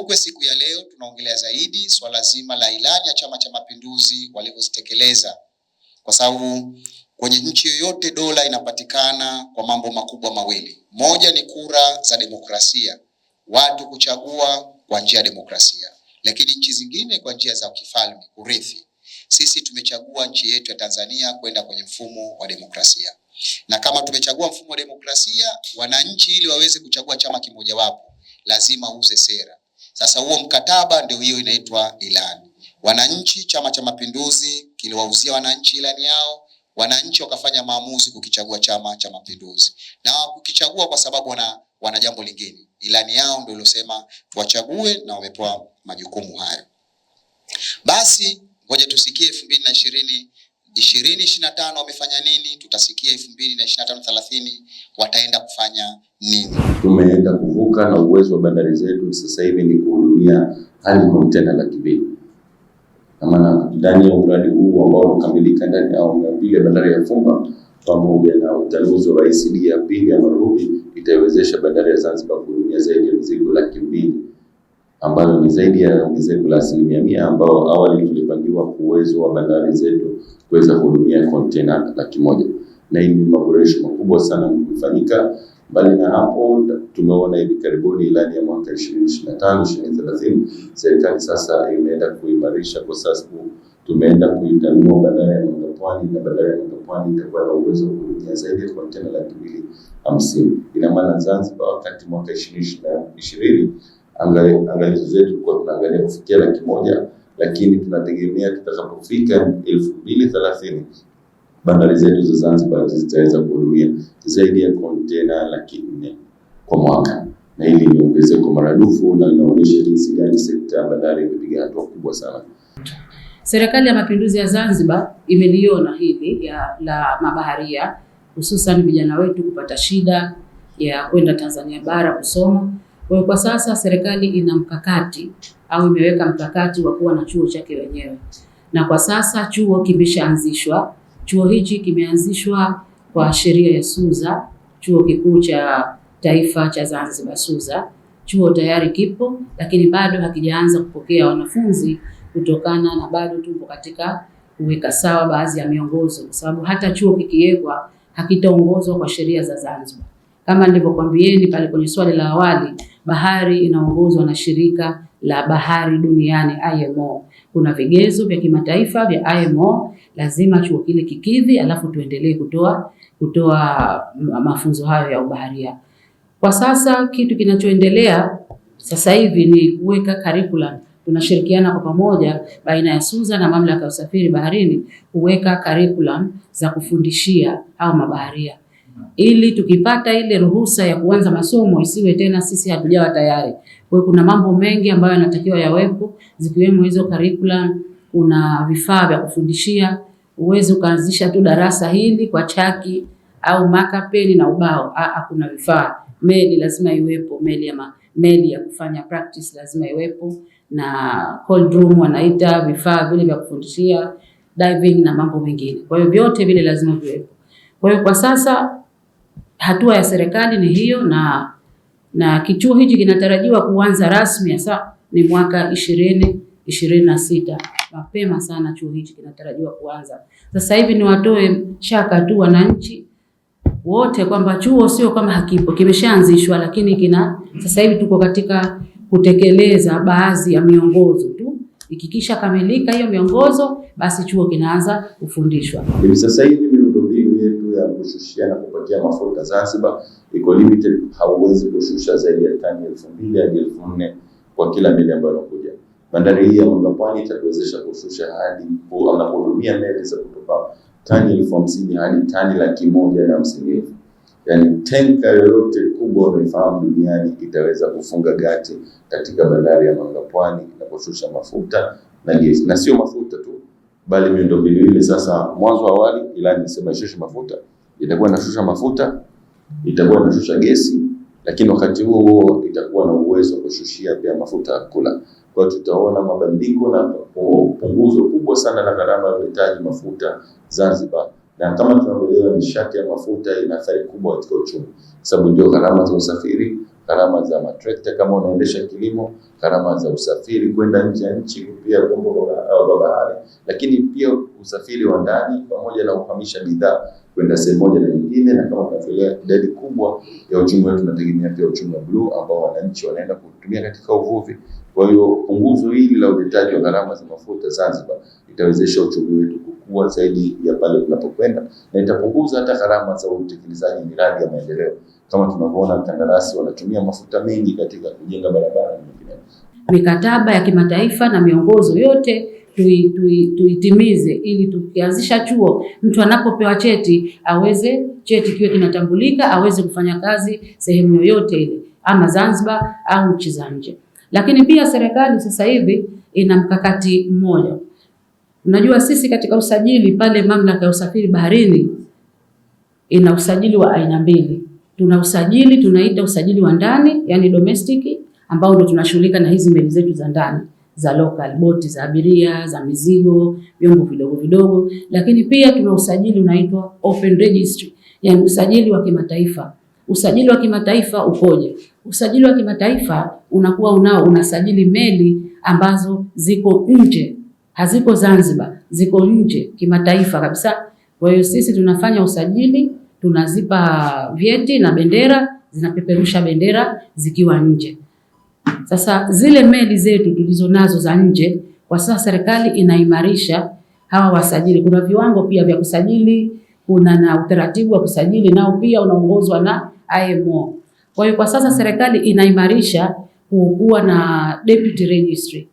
Kumbukwe siku ya leo tunaongelea zaidi swala zima la ilani ya Chama cha Mapinduzi walivyozitekeleza, kwa sababu kwenye nchi yoyote dola inapatikana kwa mambo makubwa mawili. Moja ni kura za demokrasia, watu kuchagua kwa njia ya demokrasia, lakini nchi zingine kwa njia za kifalme, kurithi. Sisi tumechagua nchi yetu ya Tanzania kwenda kwenye mfumo wa demokrasia, na kama tumechagua mfumo wa demokrasia, wananchi ili waweze kuchagua chama kimojawapo lazima uuze sera sasa huo mkataba ndio hiyo inaitwa ilani. Wananchi, Chama cha Mapinduzi kiliwauzia wananchi ilani yao, wananchi wakafanya maamuzi kukichagua Chama cha Mapinduzi, na kukichagua kwa sababu wana, wana jambo lingine. Ilani yao ndio ilosema tuwachague na wamepewa majukumu hayo. Basi ngoja tusikie elfu mbili na ishirini ishirini ishirini na tano wamefanya nini, tutasikia elfu mbili na ishirini na tano thelathini wataenda kufanya nini. Tumeenda kuvuka na uwezo wa bandari zetu sasa hivi ni kuhudumia hadi kontena laki mbili na maana ndani ya mradi huu ambao unakamilika ndani ya awamu ya pili ya bandari ya Fumba pamoja na utanuzi wa ICD ya pili ya Marubi itaiwezesha bandari ya Zanzibar kuhudumia zaidi ya mzigo laki mbili ambayo ni zaidi ya ongezeko la asilimia mia ambao awali tulipangiwa uwezo wa bandari zetu kuweza kuhudumia kontena laki moja na hii ni maboresho makubwa sana kufanyika. Mbali na hapo, tumeona hivi karibuni ilani ya mwaka 2025 2030 serikali sasa imeenda kuimarisha, kwa sababu tumeenda kuitanua bandari ya Mlango na bandari ya Mlango itakuwa na uwezo wa kuhudumia zaidi ya kontena laki mbili hamsini. Ina maana Zanzibar, wakati mwaka 2020 angalizo zetu kwa tunaangalia kufikia laki moja lakini tunategemea tutakapofika elfu mbili thelathini bandari zetu za Zanzibar zitaweza kuhudumia zaidi ya kontena laki nne kwa mwaka, na hili ni ongezeko maradufu na linaonyesha jinsi gani sekta ya bandari imepiga hatua kubwa sana. Serikali ya Mapinduzi ya Zanzibar imeliona hili ya la mabaharia, hususan vijana wetu kupata shida ya kwenda Tanzania bara kusoma kwa hiyo kwa sasa serikali ina mkakati au imeweka mkakati wa kuwa na chuo chake wenyewe, na kwa sasa chuo kimeshaanzishwa. Chuo hichi kimeanzishwa kwa sheria ya SUZA, chuo kikuu cha taifa cha Zanzibar SUZA. Chuo tayari kipo, lakini bado hakijaanza kupokea wanafunzi kutokana na bado tupo katika kuweka sawa baadhi ya miongozo, kwa sababu hata chuo kikiwekwa hakitaongozwa kwa sheria za Zanzibar. Kama nilivyokuambieni pale kwenye swali la awali Bahari inaongozwa na shirika la bahari duniani IMO. Kuna vigezo vya kimataifa vya IMO, lazima chuo kile kikidhi, alafu tuendelee kutoa kutoa mafunzo hayo ya ubaharia. Kwa sasa kitu kinachoendelea sasa hivi ni kuweka curriculum tunashirikiana kwa pamoja baina ya SUZA na mamlaka ya usafiri baharini kuweka curriculum za kufundishia hao mabaharia ili tukipata ile ruhusa ya kuanza masomo isiwe tena sisi hatujawa tayari. Kwa hiyo kuna mambo mengi ambayo yanatakiwa yawepo, zikiwemo hizo curriculum, kuna vifaa vya kufundishia. Uwezi ukaanzisha tu darasa hili kwa chaki au makapeni na ubao. Aa, ah, kuna vifaa, meli lazima iwepo, meli ya ma, meli ya kufanya practice lazima iwepo, na cold room wanaita, vifaa vile vya kufundishia diving na mambo mengine. Kwa hiyo vyote vile lazima viwepo. Kwa hiyo kwa sasa hatua ya serikali ni hiyo, na na kichuo hichi kinatarajiwa kuanza rasmi hasa ni mwaka ishirini ishirini na sita. Mapema sana chuo hichi kinatarajiwa kuanza sasa hivi. Niwatoe shaka tu wananchi wote kwamba chuo sio kama hakipo, kimeshaanzishwa, lakini kina sasa hivi tuko katika kutekeleza baadhi ya miongozo tu. Ikikisha kamilika hiyo miongozo, basi chuo kinaanza kufundishwa hivi sasa hivi juu ya kushushia na kupatia mafuta Zanzibar iko limited, hauwezi kushusha zaidi ya tani elfu mbili hadi elfu nne kwa kila meli ambayo inakuja. Bandari hii ya Mwanga Pwani itatuwezesha kushusha hadi anapohudumia meli za kutoka tani elfu hamsini hadi tani laki moja na hamsini elfu yaani tenka yoyote kubwa unaifahamu duniani itaweza kufunga gati katika bandari ya Mwanga Pwani na kushusha mafuta na gesi, na sio mafuta tu bali miundombinu ile sasa, mwanzo awali ilani sema ishushe mafuta, itakuwa inashusha mafuta, itakuwa inashusha gesi, lakini wakati huo huo itakuwa na uwezo wa kushushia pia mafuta ya kula. Kwa hiyo tutaona mabadiliko na punguzo kubwa sana la gharama ya uletaji mafuta Zanzibar, na kama tunavyoelewa nishati ya mafuta ina athari kubwa katika uchumi, sababu ndio gharama za usafiri gharama za matrekta kama unaendesha kilimo, gharama za usafiri kwenda nje ya nchi kupitia vyombo vya bahari, lakini pia usafiri wa ndani pamoja na kuhamisha bidhaa kwenda sehemu moja na nyingine. Na kama tunavyoelewa, idadi kubwa ya uchumi wetu unategemea pia uchumi wa bluu ambao wananchi wanaenda kutumia katika uvuvi. Kwa hiyo punguzo hili la uletaji wa gharama za mafuta Zanzibar itawezesha uchumi wetu kukua zaidi ya pale tunapokwenda, na itapunguza hata gharama za utekelezaji miradi ya maendeleo. Kama tunavyoona mkandarasi wanatumia mafuta mengi katika kujenga barabara. Mikataba ya kimataifa na miongozo yote tuitimize, tui, tui ili tukianzisha chuo, mtu anapopewa cheti aweze cheti kiwe kinatambulika, aweze kufanya kazi sehemu yoyote ile, ama Zanzibar au nchi za nje. Lakini pia serikali sasa hivi ina mkakati mmoja. Unajua sisi katika usajili pale mamlaka ya usafiri baharini ina usajili wa aina mbili Tuna usajili tunaita usajili wa ndani, yani domestic, ambao ndio tunashughulika na hizi meli zetu za ndani za local, boti za abiria, za mizigo, vyombo vidogo vidogo. Lakini pia tuna usajili unaitwa open registry, yani usajili wa kimataifa. Usajili wa kimataifa ukoje? Usajili wa kimataifa unakuwa unao unasajili meli ambazo ziko nje, haziko Zanzibar, ziko nje kimataifa kabisa. Kwa hiyo sisi tunafanya usajili tunazipa vyeti na bendera, zinapeperusha bendera zikiwa nje. Sasa zile meli zetu tulizo nazo za nje, kwa sasa serikali inaimarisha hawa wasajili. Kuna viwango pia vya kusajili, kuna na utaratibu wa kusajili nao pia unaongozwa na IMO. Kwa hiyo kwa sasa serikali inaimarisha kuwa na deputy registry,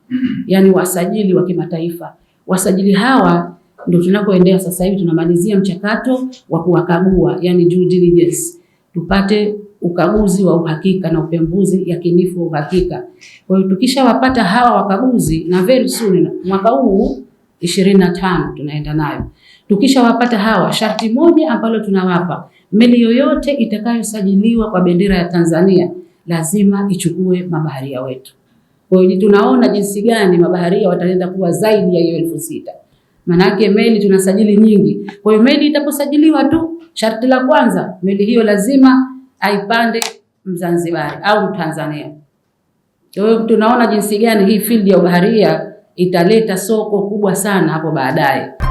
yani wasajili wa kimataifa. Wasajili hawa ndio tunakoendea sasa hivi. Tunamalizia mchakato wa kuwakagua, yani due diligence, tupate ukaguzi wa uhakika na upembuzi yakinifu wa uhakika. Kwa hiyo tukishawapata hawa wakaguzi, na very soon mwaka huu ishirini na tano tunaenda nayo. Tukishawapata hawa, sharti moja ambalo tunawapa meli yoyote itakayosajiliwa kwa bendera ya Tanzania lazima ichukue mabaharia wetu. Kwa hiyo tunaona jinsi gani mabaharia wataenda kuwa zaidi ya hiyo elfu sita. Manake meli tunasajili nyingi. Kwa hiyo meli itaposajiliwa tu, sharti la kwanza, meli hiyo lazima aipande Mzanzibari au Mtanzania. Kwa hiyo tunaona jinsi gani hii field ya ubaharia italeta soko kubwa sana hapo baadaye.